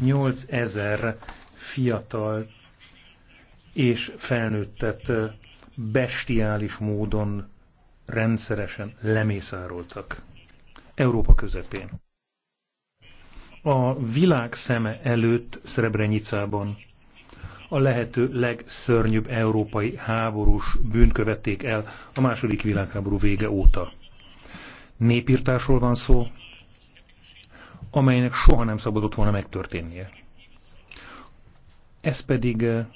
8000 fiatal és felnőttet bestiális módon rendszeresen lemészároltak. Európa közepén. A világ szeme előtt Srebrenicában a lehető legszörnyűbb európai háborús bűn követték el a második világháború vége óta. Népírtásról van szó, amelynek soha nem szabadott volna megtörténnie. Ez pedig eh,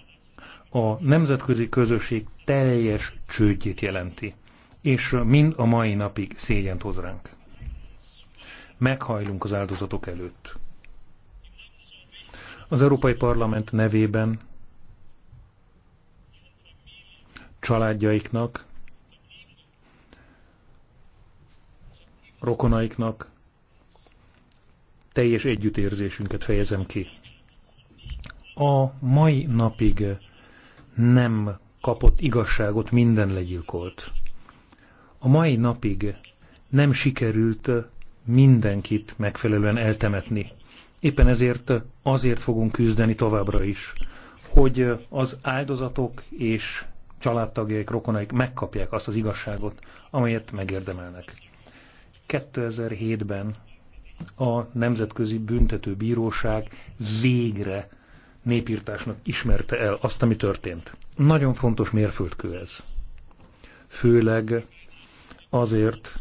a nemzetközi közösség teljes csődjét jelenti, és eh, mind a mai napig szégyent hoz ránk. Meghajlunk az áldozatok előtt. Az Európai Parlament nevében családjaiknak, rokonaiknak, teljes együttérzésünket fejezem ki. A mai napig nem kapott igazságot minden legyilkolt. A mai napig nem sikerült mindenkit megfelelően eltemetni. Éppen ezért azért fogunk küzdeni továbbra is, hogy az áldozatok és családtagjaik, rokonaik megkapják azt az igazságot, amelyet megérdemelnek. 2007-ben a Nemzetközi Büntető Bíróság végre népírtásnak ismerte el azt, ami történt. Nagyon fontos mérföldkő ez. Főleg azért,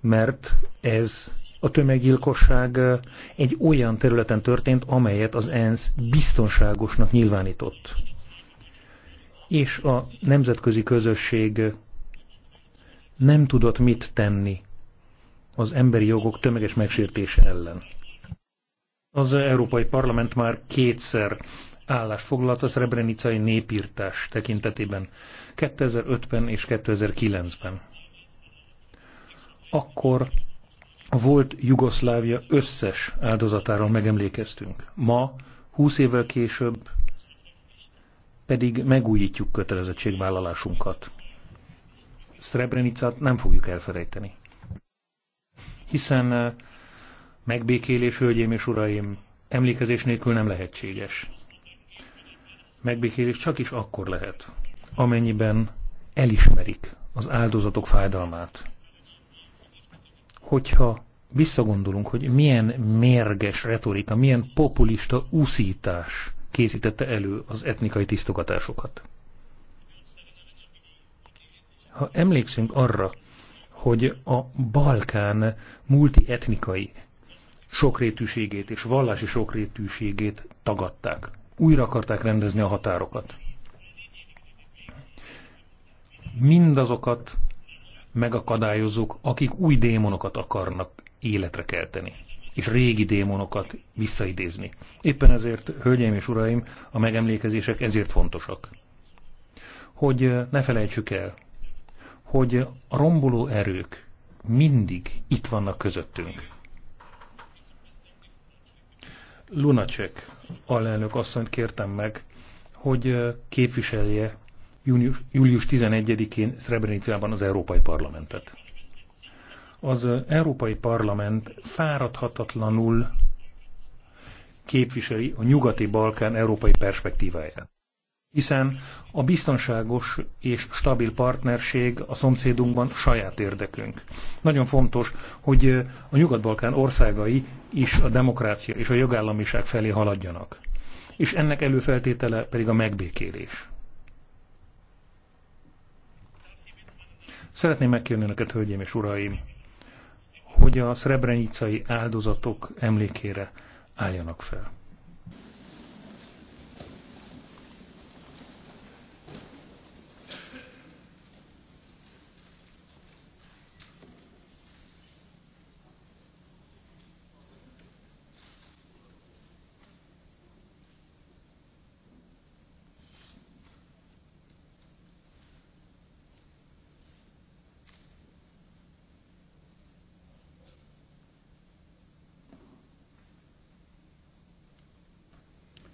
mert ez a tömeggyilkosság egy olyan területen történt, amelyet az ENSZ biztonságosnak nyilvánított. És a nemzetközi közösség nem tudott mit tenni az emberi jogok tömeges megsértése ellen. Az Európai Parlament már kétszer állásfoglalt a szrebrenicai népírtás tekintetében 2005-ben és 2009-ben. Akkor volt Jugoszlávia összes áldozatáról megemlékeztünk. Ma, 20 évvel később pedig megújítjuk kötelezettségvállalásunkat. Srebrenicát nem fogjuk elfelejteni hiszen megbékélés, hölgyeim és uraim, emlékezés nélkül nem lehetséges. Megbékélés csak is akkor lehet, amennyiben elismerik az áldozatok fájdalmát. Hogyha visszagondolunk, hogy milyen mérges retorika, milyen populista úszítás készítette elő az etnikai tisztogatásokat. Ha emlékszünk arra, hogy a Balkán multietnikai sokrétűségét és vallási sokrétűségét tagadták. Újra akarták rendezni a határokat. Mindazokat megakadályozók, akik új démonokat akarnak életre kelteni, és régi démonokat visszaidézni. Éppen ezért, hölgyeim és uraim, a megemlékezések ezért fontosak. Hogy ne felejtsük el, hogy a romboló erők mindig itt vannak közöttünk. Lunacek alelnök asszonyt kértem meg, hogy képviselje június, július 11-én Srebrenicában az Európai Parlamentet. Az Európai Parlament fáradhatatlanul képviseli a nyugati Balkán európai perspektíváját hiszen a biztonságos és stabil partnerség a szomszédunkban saját érdekünk. Nagyon fontos, hogy a Nyugat-Balkán országai is a demokrácia és a jogállamiság felé haladjanak. És ennek előfeltétele pedig a megbékélés. Szeretném megkérni Önöket, hölgyeim és uraim, hogy a szrebrenicai áldozatok emlékére álljanak fel.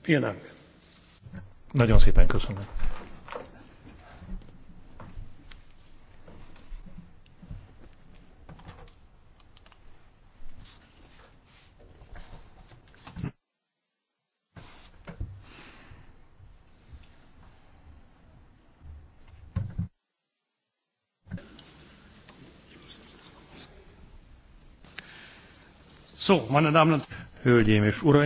Vielen Nagyon szépen köszönöm. So, meine Damen und Hölgyeim és Uraim!